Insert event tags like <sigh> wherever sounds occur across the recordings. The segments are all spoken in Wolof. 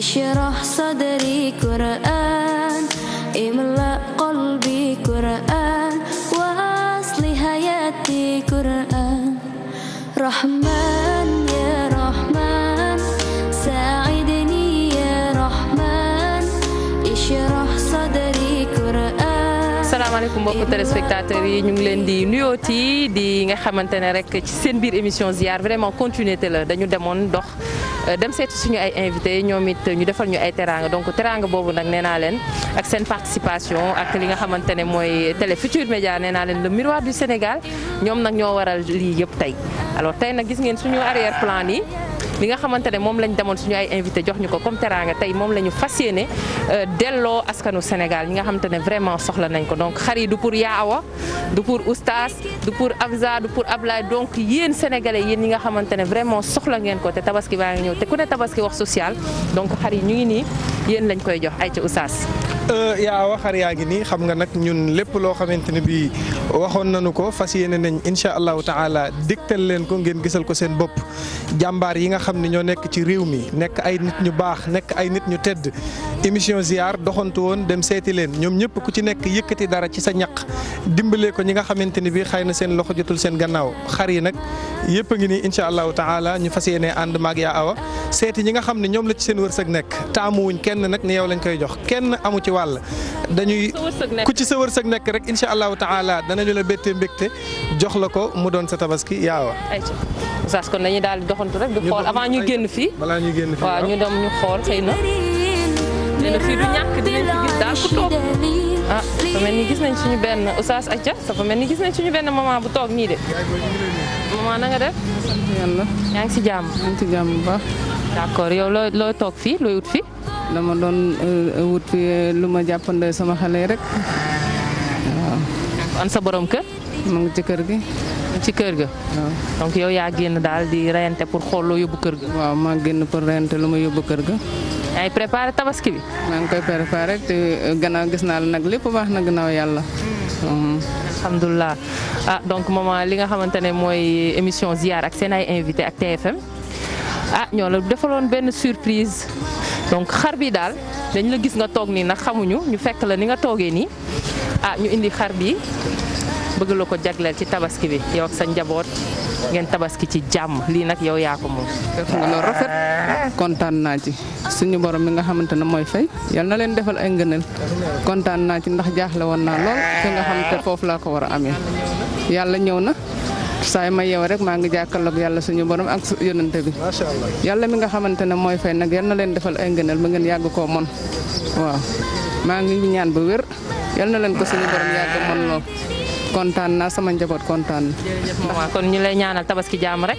اشرح صدري قرآن املأ قلبي قرآن واصل حياتي قرآن رحمن يا رحمن ساعدني يا رحمن اشرح صدري قرآن salaamaaleykum mbokki téléspectateurs yi ñu ngi leen di nuyooti di nga xamante ne rek ci seen biir émission ziar vraiment continuité la dañu demoon dox Euh, dem seeti suñu ay invité ñoom it ñu defal ñu ay teraanga donc teraanga boobu nag nee leen ak seen participation ak li nga xamante ne mooy Télé Futurs Médias nee naa leen le miroir du Sénégal ñoom nag ñoo waral lii yëpp tey alors tey nag gis ngeen suñu arrière plan yi li nga xamante ne moom lañ demoon suñu ay invité jox ñu ko comme teraanga tey moom la ñu fas yéene euh, delloo askanu Sénégal ñi nga xamante ne vraiment soxla nañ ko donc xar yi du pour Yaawa du pour Oustaz du pour Abza du pour Ablaye donc yéen sénégalais yéen ñi nga xamante ne vraiment soxla ngeen ko te tabaski baa ngi ñëw te ku ne tabaski wax social donc xar yi ñu ngi nii yéen lañ koy jox ay ci Oustaz Euh, yaawa xar yaa ngi nii xam nga nag ñun lépp loo xamante ne bii waxoon nañu ko fas yéene nañ incha allahu taala digtal leen ko ngeen gisal ko seen bopp jàmbaar yi nga xam ne ñoo nekk ci réew mi nekk ay nit ñu baax nekk ay nit ñu tedd émission ziar doxantu woon dem seeti leen ñoom ñëpp ku ci nekk yëkkati dara ci sa ñaq dimbalee ko ñi nga xamante ne bii xëy na seen loxo jotul seen gannaaw xar yi nag yëpp a ngi nii incha allahu taala ñu fas yéene ànd maag yaa awa ñi nga xam ne ñoom la ci seen wërsëg nekk taamuwuñ kenn nag ne yow lañ koy jox ci ñetti wàll dañuy ku ci sa wërsëg nekk rek incha allahu taala danañu la béttee mbégte jox la ko mu doon sa tabaski yaawa saas kon dañuy daal di doxantu rek di xool avant ñu génn fii balaa ñu génn fii waaw ñu dem ñu xool xëy na nee na fii du ñàkk daal ah, nañ suñu benn oustaz Adja dafa mel ni gis nañ suñu benn maman bu toog nii de maman na nga def sant yàlla yaa ngi si jàmm yaa ngi si jàmm bu baax yow loo toog fii looy ut fii dama doon euh, wut fi euh, lu ma jàppandee sama xale rek waaw. an sa borom kër. mu ngi ci kër gi. ci kër ga. donc yow yaa génn daal di reyante pour xool loo yóbbu kër gi waaw maa génn pour reyante lu ma yóbbu kër ga. ay ngi tabaski bi. maa ngi koy préparé te euh, gannaaw gis naa la nag lépp baax na gannaaw yàlla. Hmm. alhamdulilah ah donc maman li nga xamante ne mooy émission ziar ak seen ay invité ak TFM ah ñoo la defaloon benn surprise. donc xar bi daal dañ la gis nga toog nii nag xamuñu ñu fekk la ni nga toogee nii ah ñu indi xar bi bëgg la ko jagleel ci tabaski bi yow sa njaboot ngeen tabaski ci jàmm lii nag yow yaa ko moom. def nga loolu rafet kontaan naa ci suñu borom mi nga xamante ne mooy fay yal na leen defal ay ngëneel kontaan naa ci ndax jaaxle woon naa lool te nga xam te foofu laa ko war a amee yàlla ñëw na. saay ma yeew rek maa ngi jàkkaarloog yàlla suñu borom ak yonante bi yàlla mi nga xamante ne mooy fay nag yal na leen defal ay ngënal ba ngeen yàgg koo mon maa ngi ñaan ba wér yal na leen ko suñu kontaan naa sama njaboot kontaan na kon ñu lay ñaanal tabaski jaam rek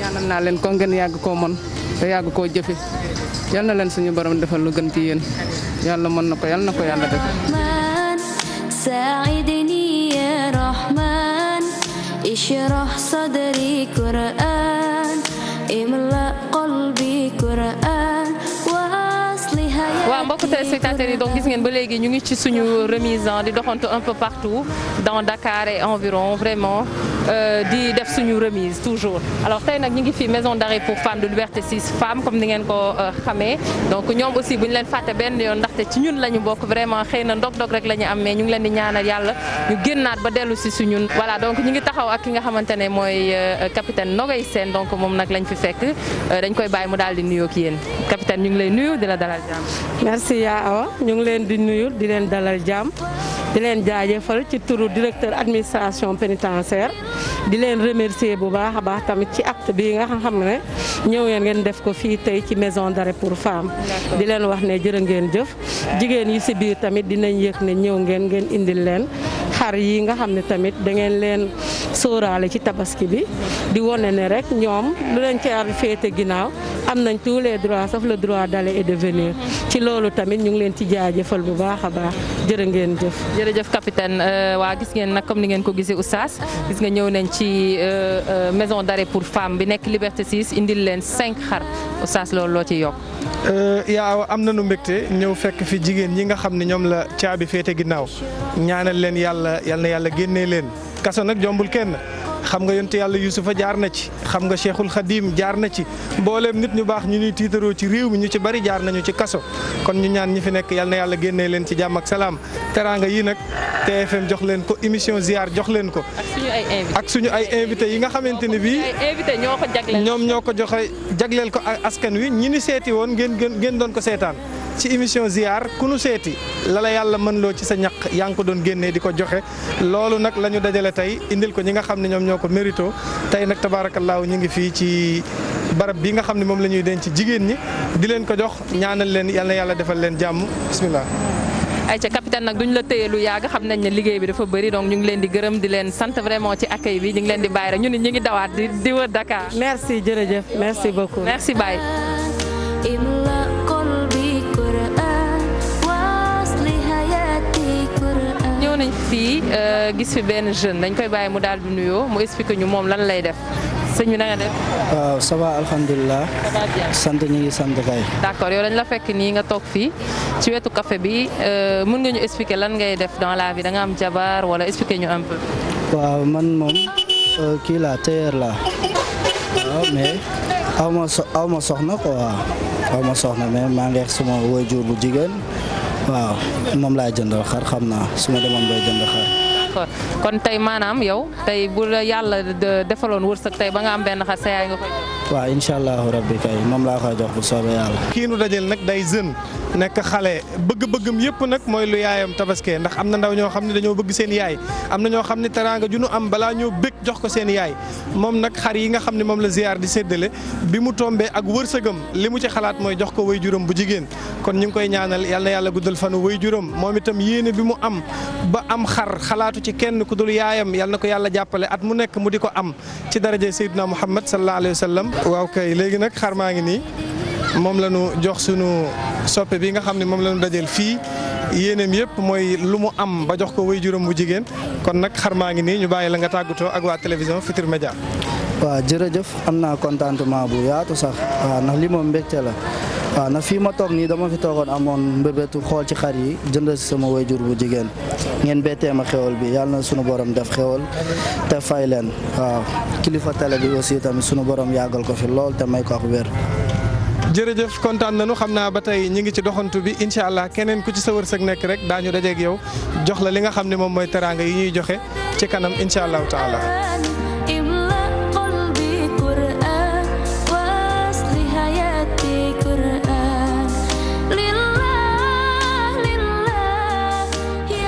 ñaanal naa leen ko ngeen yàgg koo mon te yàgg koo jëfe yal leen suñu boroom defal lu gën ci yéen yàlla mën na ko yal na ko yàlla def اشرح صدري قرآن املأ قلبي قرآن waaw mbokk téléspectateurs yi donc gis ngeen ba léegi ñu ngi ci suñu remise di doxantu un peu partout dans Dakar et environ vraiment Euh, di def suñu remise toujours alors tey nag ñu ngi fi maison d'arrêt pour femmes de Liberté 6 femmes comme ni ngeen ko euh, xamee donc ñoom aussi bu ñu leen fàtte benn yoon ndaxte ci ñun la ñu bokk vraiment xëy na ndog-ndog rek la ñu am mais ñu ngi leen di ñaanal yàlla ñu génnaat ba dellu si suñun voilà donc ñu ngi taxaw ak ki nga xamante ne mooy euh, capitaine Nogay seen donc moom nag lañ fi fekk dañ koy bàyyi mu daal di nuyoo ak yéen capitaine ñu ngi lay nuyu dina la dalal jàmm. merci leen di nuyu di leen dalal jàmm. di leen jaajëfal ci turu directeur administration pénitentiaire di leen remercier bu baax a baax tamit ci acte bi nga xam ne ñëw ngeen def ko fii tey ci maison d'arrêt pour femmes di leen wax ne jërë ngeen jëf jigéen yi si biir tamit dinañ yëg ne ñëw ngeen ngeen indil leen xar yi nga xam ne tamit da ngeen leen sóoraale ci tabaski bi di wone ne rek ñoom lu leen ci ar féete ginnaaw am nañ tous les droits sauf le droit d'aller et de venir ci loolu tamit ñu ngi leen ci jëfal bu baax a baax jërë ngeen jëf. jërëjëf capitaine euh, waa gis ngeen nag comme ni ngeen ko gisee saas gis nga ñëw nañ ci euh, euh, maison d'arrêt pour femme bi nekk Liberté 6 indil leen cinq xar oustaz loolu loo ciy yokk. yaa am na nañu mbégte ñëw fekk fi jigéen ñi nga xam ne ñoom la caabi féete ginnaaw ñaanal leen yàlla yal yàlla génnee leen kaso nag jombul kenn. xam nga yonte yàlla Yuusufa jaar na ci xam nga Cheikhul Khadim jaar na ci mbooleem nit ñu baax ñu ñuy tiitaroo ci réew mi ñu ci bari jaar nañu ci kaso kon ñu ñaan ñi fi nekk yàlla na yàlla génnee leen ci jàmm ak salaam teraanga yii nag TFM jox leen ko émission ziar jox leen ko. ak suñu ay invité yi nga xamante ne bii ñoom ñoo ko joxe jagleel ko askan wi ñi ni seeti woon ngeen ngeen doon ko seetaan. ci émission ziar ku nu seeti la yàlla mën loo ci sa ñaq yaa ngi ko doon génnee di ko joxe loolu nag lañu ñu dajale tey indil ko ñi nga xam ne ñoom ñoo ko mérito tey nag tabaarakallaahu ñu ngi fii ci barab bi nga xam ne moom la ñuy denc jigéen ñi di leen ko jox ñaanal leen yal na yàlla defal leen jàmm bisimilah. ayca capitaine nag duñ la téye lu yàgg xam nañ ne liggéey bi dafa bëri donc ñu ngi leen di gërëm di leen sant vraiment ci accueil bi ñu ngi leen di bàyyi rek ñu ni ñu ngi dawaat di di wër Dakar. merci jërëjëf merci beaucoup merci Baye. fii euh, gis fi benn jeune dañ koy bàyyi mu daal di nuyoo mu expliquer ñu moom lan lay def sëñ bi na def. waaw ça va sant ñu ngi sant kay. d'accord yow dañ la fekk nii nga toog fii ci wetu kafe bi euh, mën nga ñu expliquer lan ngay def dans la vie da nga am jabar wala expliquer ñu un peu. waaw man moom euh, kii laa tailleur laa waaw mais aw ma soxna quoi aw ma soxna mais maa ngi suma waajur bu jigéen. waaw moom laay jënd xar xam naa su ma demoon bay jënd xar. kon tey maanaam yow tey bu la yàlla defaloon wërsëg tey ba nga am benn xar sa yaay waaw incha allahu rabbi kay moom laa koy jox bu soobee yàlla. kii nu dajal nag day jeune nekk xale bëgg-bëggam yëpp nag mooy lu yaayam tabaskee ndax am na ndaw ñoo xam ne dañoo bëgg seen yaay am na ñoo xam ne teraanga ju nu am balaa ñoo bëgg jox ko seen yaay moom nag xar yi nga xam ne moom la ziar di séddale bi mu tombee ak wërsëgam li mu ci xalaat mooy jox ko way juróom bu jigéen kon ñu ngi koy ñaanal yal na yàlla guddal fanu way juróom moom itam yéene bi mu am ba am xar xalaatu ci kenn ku dul yaayam yal na ko yàlla jàppale at mu nekk mu di ko am ci daraje Seydina Muhammad sallallahu alayhi wa sallam waaw kay léegi nag xar maa ngi nii moom la ñu jox sunu soppe bi nga xam ne moom la ñu dajal fii yéeneem yëpp mooy lu mu am ba jox ko way juróom bu jigéen kon nag xar maa ngi nii ñu bàyyi la nga tàggatoo ak waa télévision Futurs Médias. waaw jërëjëf am naa contentement bu yaatu sax waaw ndax li moom mbégte la. waaw na fii ma toog nii dama fi toogoon amoon mbébétu xool ci xar yi jëndal si sama wayjur bu jigéen ngeen bettee ma xewal bi yàlla na sunu boroom def xewal te fay leen waaw kilifa tele bi aussi tamit sunu borom yàggal ko fi lool te may ko ak wér. jërëjëf kontaan nañu xam naa ba tey ñi ngi ci doxantu bi incha allah keneen ku ci sa wërsëg nekk rek daañu dajeeg yow jox la li nga xam ne moom mooy teraanga yi ñuy joxe ci kanam incha allah taala.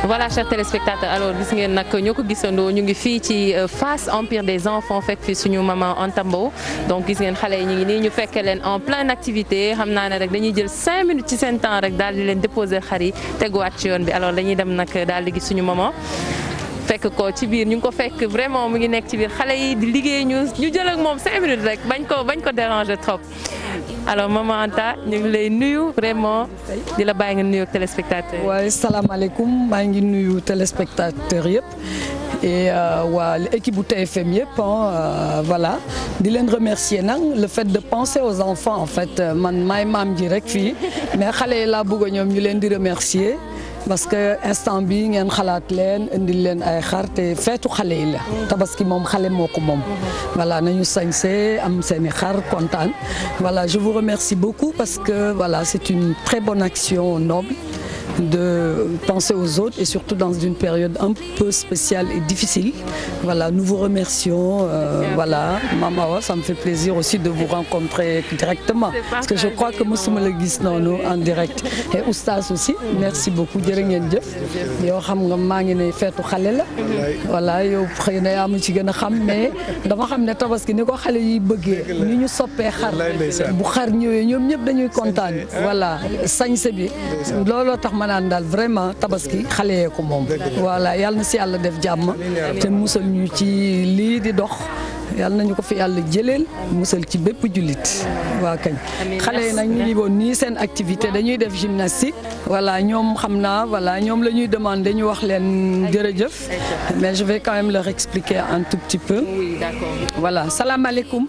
voilà chers téléspectateurs alors gis ngeen nag ñoo ko gisandoo ñu ngi fii ci euh, face empire des enfants fekk fi suñu maman Anta Mbow donc gis ngeen xale yi ñu ngi nii ñu fekkee leen en pleine activité xam naa ne rek dañuy jël cinq minutes ci seen temps rek daal di leen déposer xar yi teguwaat ci yoon bi alors dañuy dem nag daal di gis suñu maman. fekk ko ci biir ñu ngi ko fekk vraiment mu ngi nekk ci biir xale yi di liggéey ñu ñu jël ak moom cinq minutes rek bañ ko bañ ko déranger trop alors maman Anta ñu ngi lay nuyu vraiment di la bàyyi nga nuyu ak téléspectateur yi. waaye salaamaaleykum maa ngi nuyu téléspectateur yëpp. e waa euh, équipe bu TFM yëpp euh, voilà di leen remercier nag le fait de penser aux enfants en fait euh, man maay maam ji rek fii mais xale yi laa bëgg ñoom ñu leen di remercier parce que instant bii ngeen xalaat leen indil leen ay xar te feetu xale yi la mm-hmm. tabaski moom xale moo ko moom mm-hmm. voilà nañu sañse am seeni xar kontaan voilà je vous remercie beaucoup parce que voilà c'est une très bonne action noble de penser aux autres et surtout dans une période un peu spéciale et difficile. Voilà, nous vous remercions. Euh, voilà, Mamawa, ça me fait plaisir aussi de vous rencontrer directement. Parce que je crois que nous sommes le nous en direct. Et Oustas aussi, merci beaucoup. Voilà, dama xam ne tabas tabaski ne ko xale yi bëggee ni ñu soppee xar bu xar ñëwee ñoom ñëpp dañuy kontaan voilà sañse bi looloo dama naan daal vraiment tabaski xale yee ko moom voilà yàlla si yàlla def jàmm te musal ñu ci lii di dox yàlla nañu ko fi yàlla jëleel musal ci bépp jullit waa kañ xale yi nag ñu nii seen activité dañuy def gymnastique voilà ñoom xam naa voilà ñoom lañuy demand demandé wax leen jërëjëf mais je vais quand même leur expliquer un tout petit peu voilà salaamaaleykum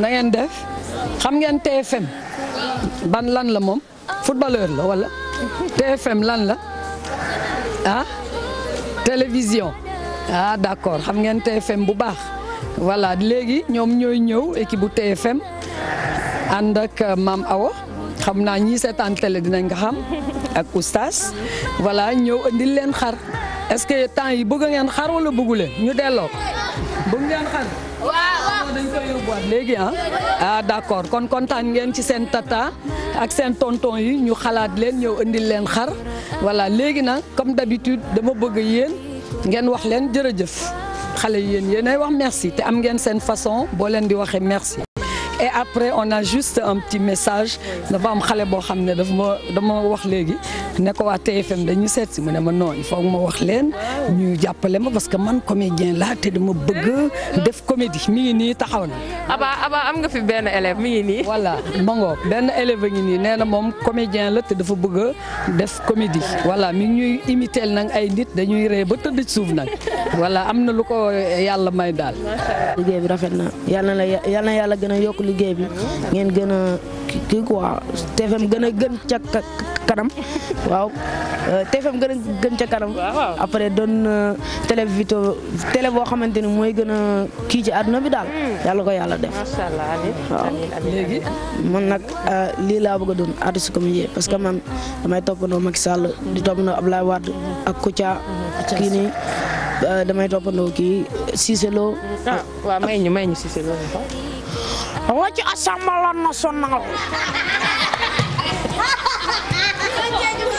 na def xam ngeen TFM ban lan la moom footballeur la wala TFM lan la ah télévision ah d'accord xam ngeen TFM bu baax voilà léegi ñoom ñooy ñëw équipe bu TFM ànd ak euh, maam Awa xam naa ñii seetaan télé dinañ nga xam ak oustaz voilà ñëw indil leen xar est-ce que temps yi bëgg ngeen xar wala bëggu leen ñu delloo bëgg ngeen xar. dañ koy yóbbuwaat léegi ah ah d'accord kon kontaan ngeen ci seen tata ak seen tonton yi ñu xalaat leen ñëw indil leen xar voilà léegi nag comme d'habitude dama bëgg yéen ngeen wax leen jërëjëf xale yéen yéenay wax merci te am ngeen seen façon boo leen di waxee merci et après on a juste un petit message dafa am xale boo xam ne daf ma dama wax léegi ne ko waa TFM dañu seet si mu ne ma non il faut ma wax leen ñu jàppale ma parce que man comédien laa te dama bëgg def comédie mi ngi nii taxaw na. Aba Aba am nga fi benn élève mi ngi nii. voilà mango benn élève a nii nee na moom comédien la te dafa bëgg a def comédie voilà mi ngi ñuy imiter nag ay nit dañuy ree ba tëdd suuf nag voilà am na lu ko yàlla may daal. yàlla na yokk liggéey bi ngeen gën a kii quoi euh, gën a gën ca kanam waaw TFM gën gën ca kanam après doon euh, télé Vito télé boo xamante ni mooy gën a kii ci àdduna bi daal yàlla ko yàlla def waaw léegi man nag euh, lii laa bëgg a doon artiste comédien parce que man damay toppandoo Macky Sall di toppandoo Abdoulaye Wade ak Kouthia kii nii damay toppandoo kii ah, may ñu may ñu Cissé Lo ci assemblée nationale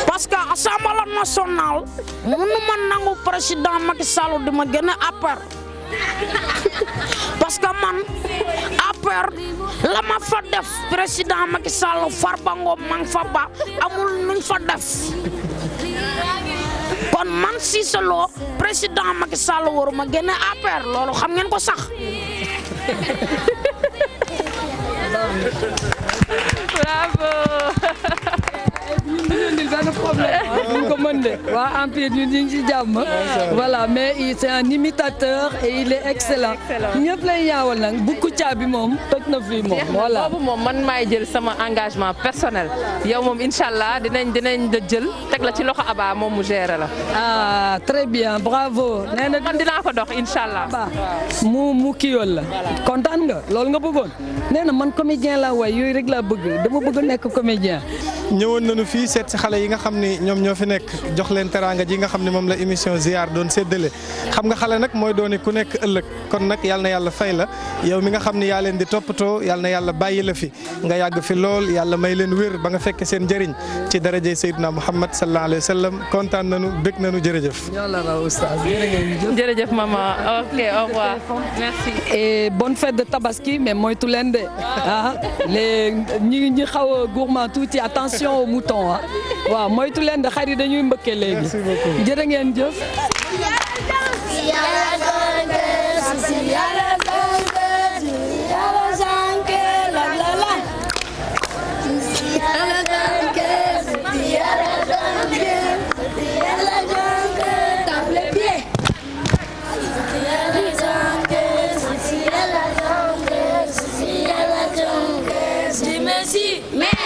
parce que assemblée nationale mënu ma nangu président Macky di ma gën a APR parce que man APR la ma fa def président Macky Sall Farba Ngom fa ba amul nuñ fa def kon man Cissé président Macky waru ma gën a APR loolu xam ngeen ko sax. Bravo ñu ko mën de waa Empire ñun ñu ngi ci jàmm. voilà mais c' est un imitateur et excellent. ñëpp lay yaawal nag bu Kouthia bi moom toj na fii moom. man maay jël sama engagement personnel yow moom incha allah dinañ dinañ la jël teg la ci loxo Aba moom mu gérer la. ah très bien bravo. nee na man dinaa ko dox incha allah. mu mu kiyool la. kontaan nga loolu nga bëggoon. nee na man comédien laa way yooyu rek laa bëgg dama bëgg nekk comédien. ñëwoon nañu fii seet si xale yi nga xam ne ni ñoom ñoo fi nekk jox leen teraanga ji nga xam ne moom la émission ziar doon séddale xam nga xale nag mooy dooni ku nekk ëllëg kon nag yal na yàlla fay la yow mi nga xam ni yaa leen di toppatoo yal na yàlla bàyyi la fi nga yàgg fi lool yàlla may leen wér ba nga fekk seen njëriñ ci darajey Seydina Muhammad sallallahu alayhi wa sallam kontaan nañu bég nañu jërëjëf. jërëjëf maman ok au revoir merci. et bonne fête de tabaski mais moytu leen de ah les ñi ñi xaw a gourmand tuuti attention aux moutons ah. moytu leen de xar yi dañuy mbëkke léegi. merci beaucoup jërë ngeen jëf. Merci. Merci.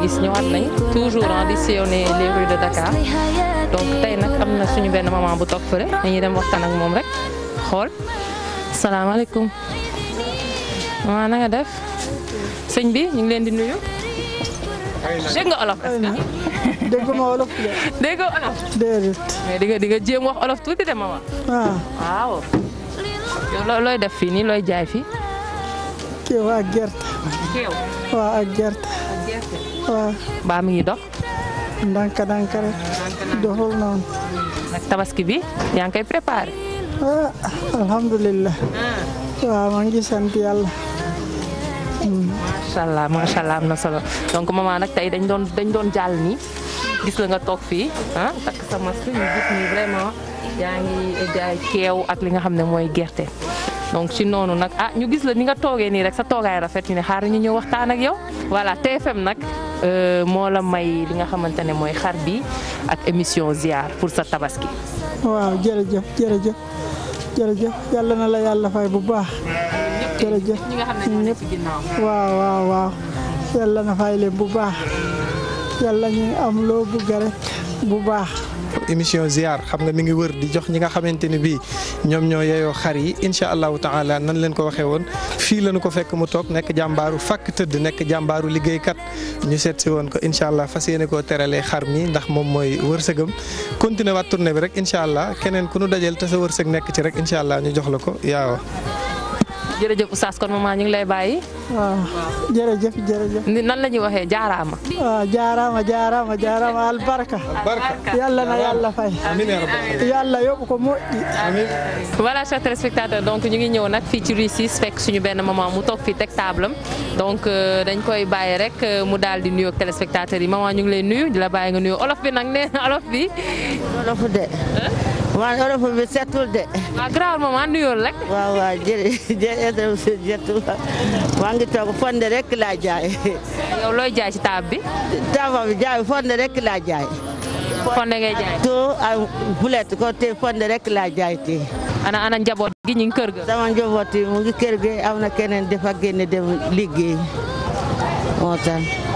gis ñëwaat nañ toujours en di sillonner les de Dakar donc tey nag am na suñu benn maman bu toog fële dañuy dem waxtaan ak moom rek xool salaamaaleykum maman na nga def sëñ bi ñu ngi leen di nuyu. dégg nga olof est-ce mais di nga di nga jéem wax olof tuuti de maman. Ah. looy def fii nii looy jaay fi kéew ak gerte. waaw mbaa mi ngi dox. ndànk ndànk rek doxul noonu. nag tabaski bi yaa ngi koy préparé. ah alhamdulilah. Ah. waaw maa ngi sant yàlla. Hmm. macha allah na solo donc maman nag tey dañ doon dañ doon jàll nii gis la nga toog fii ah takk sa masque ñu gis ni vraiment yaa ngi jaay keew ak li nga xam ne mooy gerte. donc si noonu nag ah ñu gis la ni nga toogee nii rek sa toogaay rafet ñu ne xaar ñu waxtaan ak yow voilà TFM nag. Euh, moo la may li nga xamante ne mooy xar bi ak émission ziar pour sa tabaski. waaw jërëjëf jërëjëf jërëjëf yàlla na la yàlla fay bu baax. jërëjëf ñi nga xam ne ñëpp waaw waaw waaw yàlla na fay leen bu baax yàlla ñu am loo bëgg rek bu baax. émission ziar xam nga mi ngi wër di jox ñi nga xamante ni bii ñoom ñoo yeyoo xar yi incha allahu taala nan leen ko waxee woon fii lañu ko fekk mu toog nekk jàmbaaru fàkk tëdd nekk jàmbaaru liggéeykat ñu seet si woon ko incha allah fas yéene koo teralee xar mi ndax moom mooy wërsëgam continuer waat tournée bi rek incha allah keneen ku nu dajal te sa wërsëg nekk ci rek incha allah ñu jox la ko yaawa jërëjëf Oustaz kon maman ñu ngi lay bàyyi. waaw jërëjëf jërëjëf. nan la ñuy waxee jaaraama. waaw jaaraama jaaraama jaaraama albarka. albarka na yàlla fay. yàlla yóbbu ko moƴƴi. voilà chers téléspectateurs donc ñu ngi ñëw nag fii ci Rue 6 fekk suñu benn maman mu toog fii teg table donc euh, dañ koy bàyyi rek euh, mu daal di nuyoog téléspectateurs yi maman ñu ngi lay nuyu di la bàyyi nga nuyu olof bi nag nee na olof bi. olof de. man olof bi setul de. waaw ah, garaawul moom waaw waaw ngi toog fonde rek laa jaay. yow looy jaay ci taab bi. taabam jaay fonde rek laa jaay. fonde ngay jaay. tout ay ah, bulet ko te fonde rek laa jaay te. ana ana njaboot gi ñu kër ga. sama njaboot yi mu kër gi am na keneen dafa génne dem liggéey moo tax.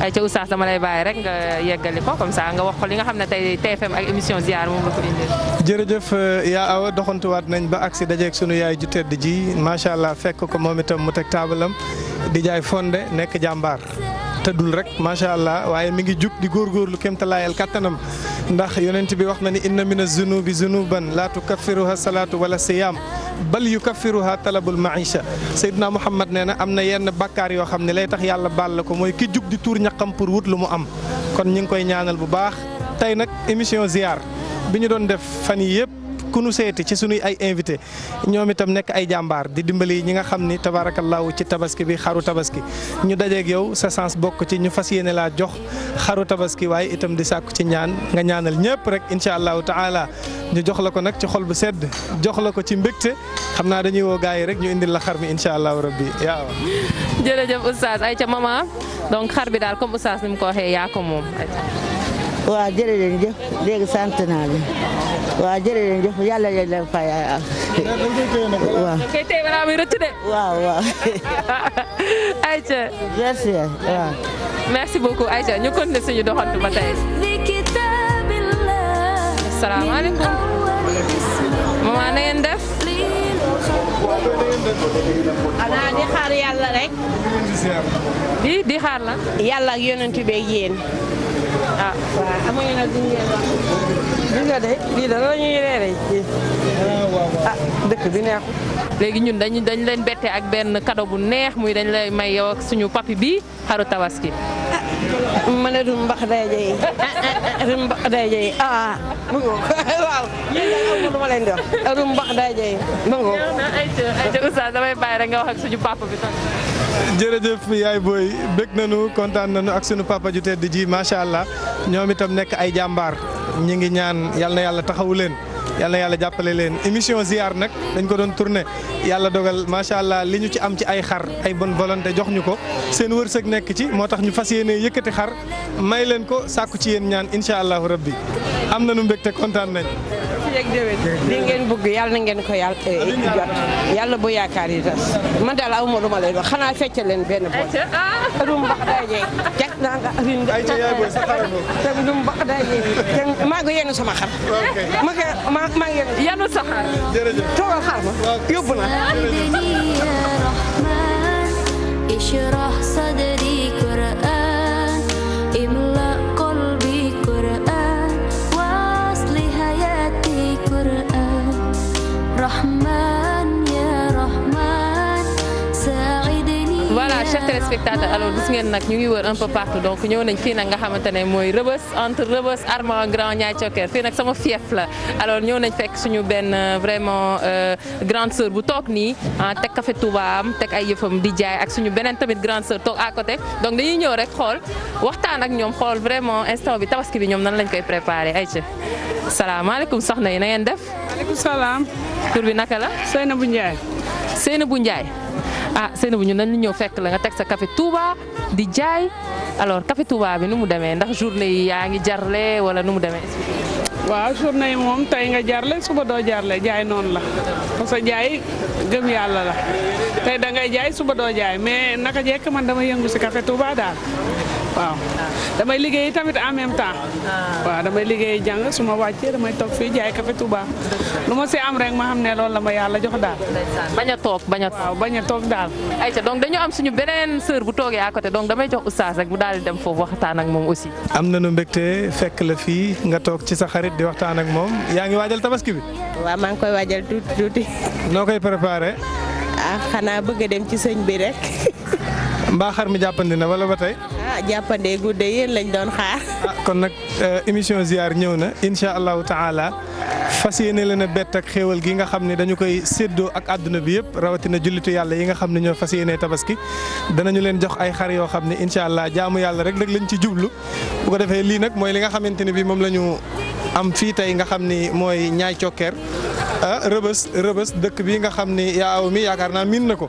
ay ca oustaz dama lay bàyyi rek nga yeggali ko comme ça nga wax ko li nga xam ne tey TFM ak émission ziar moom la ko indil. jërëjëf euh, yaa awa doxantuwaat nañ ba agsi dajeeg sunu yaay ju tedd ji macha allah fekk ko moom itam mu teg taabalam di jaay fonde nekk jàmbaar. tëddul rek macha allah waaye mi ngi jug di góorgóorlu kéemtalaayal kattanam ndax yonent bi wax na ni inna mina zunubi zunuban laa tukaffiruha salaatu wala siyaam bal yukaffiruha talabul maisha Seydina Muhammad nee na am na yenn bakaar yoo xam ne lay tax yàlla baal la ko mooy ki jug di tuur ñaqam pour wut lu mu am kon ñu ngi koy ñaanal bu baax tey nag émission ziar bi ñu doon def fan yii yëpp ku nu seeti ci sunuy ay invité ñoom itam nekk ay jàmbaar di dimbali ñi nga xam ni tabaarakallaahu ci tabaski bi xaru tabaski ñu dajeeg yow sa sens bokk ci ñu fas yéene laa jox xaru tabaski waaye itam di sàkku ci ñaan nga ñaanal ñëpp rek incha allahu taala ñu jox la ko nag ci xol bu sedd jox la ko ci mbégte xam naa dañuy woo gars rek ñu indil la xar mi incha allahu rabbi yaaw jërëjëf oustaz ay ca mama donc xar bi daal comme oustaz ni mu ko waxee yaa ko moom waaw jërë leen jëf léegi sant naa leen waaw jërë leen jëf yàlla leen leen fay ah, ah. waaw waaw waaw <laughs> Aïcha merci waaw merci beaucoup Aïcha ñu continuer suñu doxantu ba tey salaamaaleykum maman na ngeen def di xaar yàlla rek di di xaar la yàlla ak yonent bi ak yéen ah lii dara la dëkk bi neexul. léegi ñun dañ dañ leen bette ak benn cadeau bu neex muy dañ lay may yow suñu papi bi xaru tabaski. Ah, ma ne dum mbax day jëy dum mbax day jëy ah, ah mu ngoog <laughs> waaw yéen ma leen di wax dum mbax day jëy mu ngoog. ayca ayca oustaz damay bàyyi rek nga wax suñu papa bi tam. jërëjëf yaay booy bëgg nañu kontaan nañu ak sunu papa ju tedd ji macha allah ñoom itam nekk ay jàmbaar ñi ngi ñaan yal na yàlla taxawu leen. yàlla na yàlla jàppale leen émission ziar nag dañ ko doon tourné yàlla dogal macha allah li ñu ci am ci ay xar ay bon volonté jox ñu ko seen wërsëg nekk ci moo tax ñu fas yéene yëkkati xar may leen ko sàkku ci yéen ñaan incha allahu rabbi am nañu mbégte kontaan nañ. yéeg déwén li ngeen bëgg yàlla na ngeen ko yàlla eh, jot yàlla bu yaakaar yi a man daal aw ma lu ma lay wax xanaa fecce leen benn bool. Ah. rum bax daa jeeg jag naa nga rin da <laughs> te rum bax daa jeeg te maa ngi yenu sama xar ma ko ma maa ngi yenu sa xar jërëjëf toogal xaar ma yóbbu na chers téléspectateurs alors gis ngeen nag ñu ngi wër un peu partout donc ñëw nañ fii nag nga xamante ne mooy rëbës entre rëbës Armand Grand Niayes Thioker fii nag sama fief la alors ñëw nañ fekk suñu benn euh, vraiment euh, grande sœur bu toog nii ah, teg café Touba am teg ay yëfam di jaay ak suñu beneen tamit grande sœur toog à côté donc dañuy ñëw rek xool waxtaan ak ñoom xool vraiment instant bi tabaski bi ñoom nan lañ koy préparé ay ci salaamaaleykum soxna yi na ngeen def. maaleykum salaam. bi naka la. Seynabou Ndiaye. Seynabou Ndiaye. ah seen bu ñu nañu ñëw fekk la nga teg sa café Touba di jaay alors café Touba bi nu mu demee ndax journée yi yaa ngi jarle wala nu mu demee. waaw journée yi moom tey nga jarle suba doo jarle jaay noonu la parce que jaay gëm yàlla la tey da ngay jaay suba doo jaay mais naka jekk man dama yëngu si kafe Touba daal waaw. damay liggéey tamit en même temps. Ah. waaw damay liggéey jàng suma ma wàccee damay toog fii jaay café Touba. lu ma si am rek ma xam ne loolu la ma yàlla jox daal. bañ a toog bañ a toog bañ a toog daal. ayca donc dañu am suñu beneen sœur bu toogee à côté donc damay jox oustaz rek bu daal di dem foofu waxtaan ak moom aussi. am nañu mbégte fekk la fii nga toog ci sa xarit di waxtaan ak moom yaa ngi waajal tabaski bi. waaw maa ngi koy waajal tuuti tuuti. noo koy préparé. ah xanaa bëgg a dem ci sëñ bi rek. mbaa xar mi jàppandi wala ba tey. ah jàppandee gudde yéen lañ doon xaar. Ah, kon nag euh, émission ziar ñëw na incha allahu taala fas yéene leen a bett ak gi nga xam ne dañu koy séddoo ak àdduna bi yëpp rawatina jullitu yàlla yi nga xam ne ñoo fas yéene tabaski danañu leen jox ay xar yoo xam ne incha allah jaamu yàlla rek lañ ci jublu bu defee lii nag mooy li nga xamante ne bi moom la ñu am fii tey nga xam ni mooy ñaay cokkeer ah rëbës rëbës dëkk bi nga xam ni yaa aw mi yaakaar naa miin na ko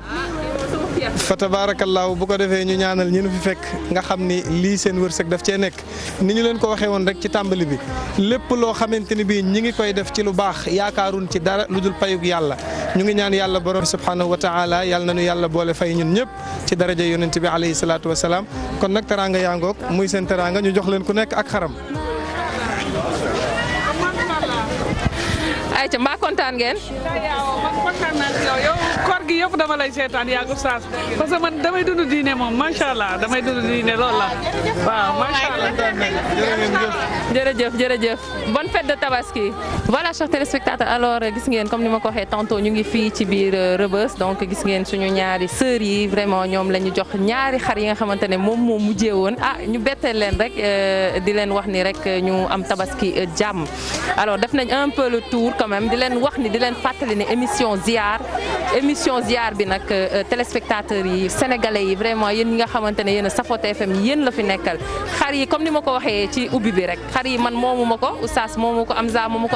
fa tabaarakallaahu bu ko defee ñu ñaanal ñi nu fi fekk nga xam ni lii seen wërsëg daf cee nekk ni ñu leen ko waxee woon rek ci tàmbali bi lépp loo xamante ni bii ñi ngi koy def ci lu baax yaakaarun ci dara lu dul payug yàlla ñu ngi ñaan yàlla borom subhaanahu wa taala yàlla nañu yàlla boole fay ñun ñëpp ci daraja yonent bi alayhi salaatu wa salaam kon nag teraanga yaa ngoog muy seen teraanga ñu jox leen ku nekk ak xaram. koor gi yëpp dama lay seetaan yàggu saas parce que man damay dund diine moom macha allah damay dund diine loolu la waaw jërëjëf jërëjëf bonne fête de tabaski. voilà chers téléspectateurs alors gis ngeen comme ni ma ko waxee tantôt ñu ngi fii ci biir euh, Rebeuss donc gis ngeen suñu ñaari sœurs yi vraiment ñoom la ñu jox ñaari xar yi nga xamante ne moom moo mujjee woon ah ñu betteel leen rek euh, di leen wax ni rek euh, ñu am tabaski jàmm alors def nañ un peu le tour quand di leen wax ni di leen fàttali ne émission ziar émission. émission ziar bi nag euh, téléspectateurs yi sénégalais yi a safoo TFM ni ma ko waxee ci ubbi bi rek xar yi man moomu ma ko Oustaz moomu ko Amza moomu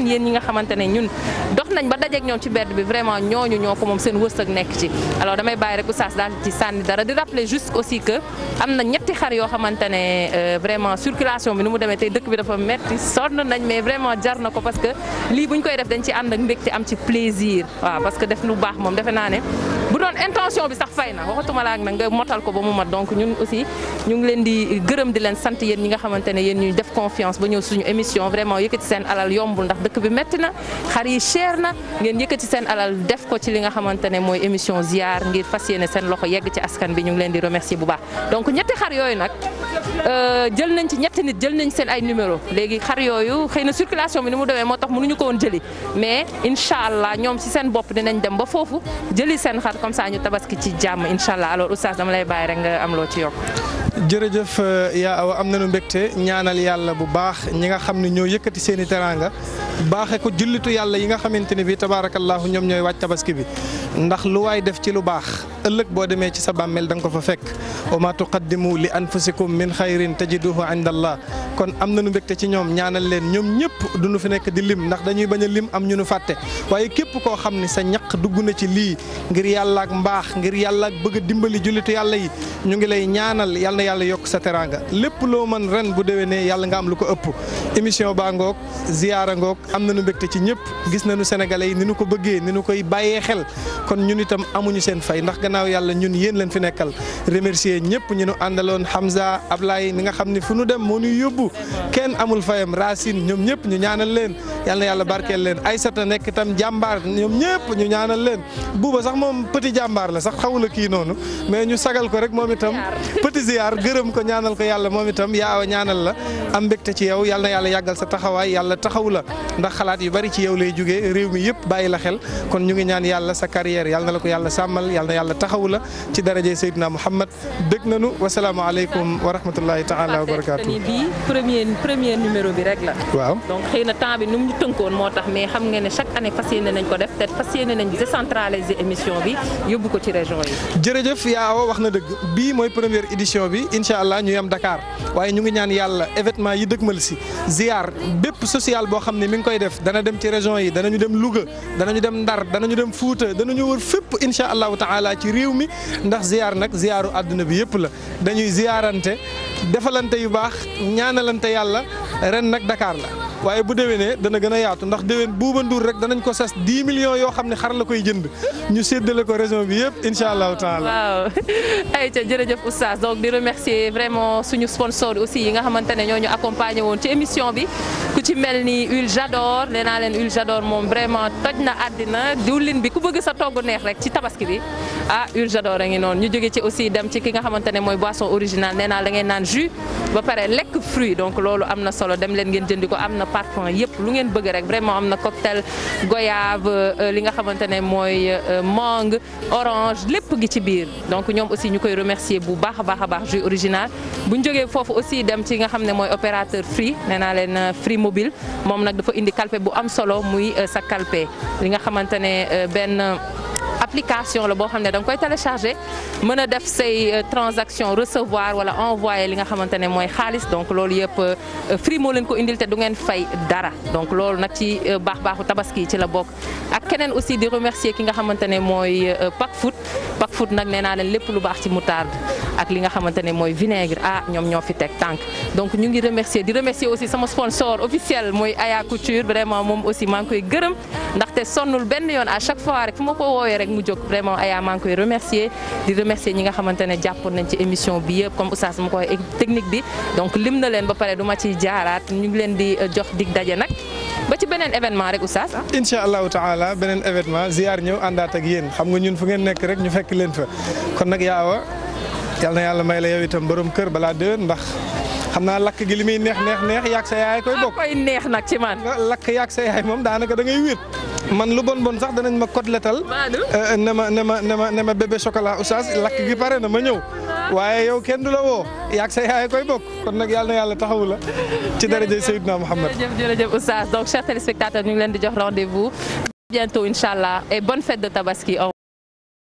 ñi nga xamante ñun dox nañ ba dajeeg ñoom ci bedd bi vraiment ñooñu ñoo ko moom seen wërsëg nekk ci alors damay bàyyi rek Oustaz daal ci sànni dara di rappeler juste aussi que am na ñetti xar yoo xamante ne euh, vraiment circulation bi nu mu demee tey dëkk bi dafa metti sonn nañ mais vraiment jar na ko parce que lii bu ñu koy def dañ ci ànd ak mbégte am ci plaisir waaw parce que def lu baax moom defe naa ne bu doon intention bi sax fay na waxatuma laa nag nga motal ko ba mu mat donc ñun aussi ñu leen di gërëm di leen sant yéen ñi nga xamante ne yéen ñuy def confiance ba ñëw suñu émission vraiment yëkkati seen alal yombul ndax dëkk bi métti na xar yi cher na ngeen yëkkati seen alal def ko ci li nga xamante ne mooy émission ziar ngir fas yéene seen loxo yegg ci askan bi ñu ngi leen di remercier bu baax donc ñetti xar yooyu nag euh, jël nañ ci ñetti nit jël nañ seen ay numéro léegi xar yooyu xëy na circulation bi ni mu demee moo tax mënuñu ko woon jëli mais incha allah ñoom ci seen bopp dinañ dem ba foofu jëli comme ça ñu tabaski ci jàmm incha allah alors oustaz dama lay bàyyi rek nga am loo ci yokk. jërëjëf euh, yaa awa am nañu mbégte ñaanal yàlla bu baax ñi nga xam ne ñoo yëkkati seen i teraanga baaxe ko jullitu yàlla yi nga xamante ne bi tabaarakallaahu ñoom ñooy wàcc tabaski bi ndax lu waay def ci lu baax ëllëg boo demee ci sa bàmmeel danga ko fa fekk wa ma tuqaddimu li anfusikum min xayrin tajiduhu inda allah kon am na nu mbégte ci ñoom ñaanal leen ñoom ñëpp nu fi nekk di lim ndax dañuy bañ a lim am ñu nu fàtte waaye képp koo xam ni sa ñaq dugg na ci lii ngir yàlla ak mbaax ngir yàlla ak bëgg dimbali jullitu yàlla yi yàlla yokk sa lépp loo mën ren bu déwénee yàlla nga am lu ko ëpp émission baa ngoog ziyaara ngoog am nañu mbégte ci ñëpp gis na sénégalais yi ni ñu ko bëggee ni nu koy bàyyee xel kon ñun itam amuñu seen fay ndax gannaaw yàlla ñun yéen leen fi nekkal remercier ñëpp ñu nu àndaloon Hamza Ablaye mi nga xam ne fu nu dem moo ñuy yóbbu kenn amul fayam Racine ñoom ñëpp ñu ñaanal leen yal yàlla barkeel leen ay Aysata nekk itam jàmbaar ñoom ñëpp ñu ñaanal leen buuba sax moom petit jàmbaar la sax xawula kii noonu mais ñu sagal ko rek moom itam petit ziar gërëm ko ñaanal ko yàlla moom itam yaa awa ñaanal la am mbégte ci yow yal na yàlla yàggal sa taxawaay yàlla taxaw la ndax xalaat yu bari ci yow lay jógee réew mi yëpp bàyyi la xel kon ñu ngi ñaan yàlla sa carrière yal na la ko yàlla sàmmal yal na yàlla taxaw la ci daraje Seydina Muhammad dégg nañu wasalaamu aleykum wa rahmatullahi taala wa barakaatu bi premier premier numéro bi rek la waaw donc xëy na temps bi nu mu tënkoon moo tax mais xam nga ne chaque année fas yéene nañ ko def na dëgg bii mooy première édition bi incha allah ñu yem dakaar waaye ñu ngi ñaan yàlla évétement yi dëgmal si ziar bépp social boo xam ne mi ngi koy def dana dem ci région yi danañu dem Louga danañu dem Ndar danañu dem Fuuta danañu wër fépp incha allahu taala ci réew mi ndax ziar nag ziaru àdduna bi yëpp la dañuy ziarante defalante yu baax ñaanalante yàlla ren nag Dakar la waaye bu ne dana gën a yaatu ndax déwén Bouba Ndour rek danañ ko sas 10 millions yoo xam ne xar la koy jënd ñu séddale ko région bi yëpp incha allahu taala. waaw ayca <laughs> jërëjëf oustaz donc di remercier vraiment suñu sponsor aussi yi nga xamante ne ñoo ñu accompagné woon ci émission bi ku ci mel ni huile j'adore nee leen huile j'adore moom vraiment toj na àddina diwlin bi ku bëgg sa togg neex rek ci tabaski bi ah huile ñu jóge ci aussi dem ci ki nga ne mooy jus ba pare lekk fruit donc loolu am na solo dem leen ngeen jëndi ko am na parfum yëpp lu ngeen bëgg rek vraiment am na cocktail goyave euh, li nga xamante ne mooy euh, mangue orange lépp gi ci biir donc ñoom aussi ñu koy remercier bu baax a baax a baax jus original bu ñu foofu aussi dem ci nga xam ne mooy opérateur Free nee naa leen euh, Free mobile moom nag dafa indi kalpe bu am solo muy sa kalpe li nga xamante ne benn application la boo xam ne da nga koy télécharger mën a def say euh, transaction recevoir wala envoyer li nga xamante ne mooy xaalis donc loolu yëpp euh, Free moo leen ko indil te du ngeen fay dara donc loolu nag ci euh, baax baaxu tabaski ci la bokk ak keneen aussi di remercier ki nga xamante ne mooy Pack Food Pack Food nag nee naa leen lépp lu baax ci moutarde ak li nga xamante ne mooy vinaigre ah ñoom ñoo fi teg tànk donc ñu ngi remercier di remercier aussi sama sponsor officiel mooy Aya Couture moom aussi maa ngi koy gërëm ndaxte sonnul benn yoon à fois rek fu ko woowee rek mu jóg a Aya maa ngi koy remercier di remercier ñi nga xamante ne jàppoon nañ ci émission bi yëpp comme oustaz mu koy technique bi donc lim na leen ba pare du ma ciy jaaraat ñu ngi leen di euh, jox dig daje nag ba ci beneen événement rek oustaz incha allahu taala beneen événement ziar ñëw àndaat ak yéen xam nga ñun fu ngeen nekk rek ñu fekk leen fa kon nag yaa yal na yàlla may la yow itam borom kër balaa déwén ndax xam naa lakk gi li neex neex neex yaay koy bokk man lu bon bon sax danañ ma kotletal eh, ne ma ne ma ne ma ne ma bébé chocolat lakk gi pare na ma ñëw waaye yow kenn du la woo yaag sa yaay koy bokk kon nag yàlla na yàlla taxawu la ci daraja Seydina Mouhamed. jërëjëf jërëjëf oustaz donc chers téléspectateurs ñu ngi leen di jox rendez-vous bientôt incha allah et bonne de Tabaski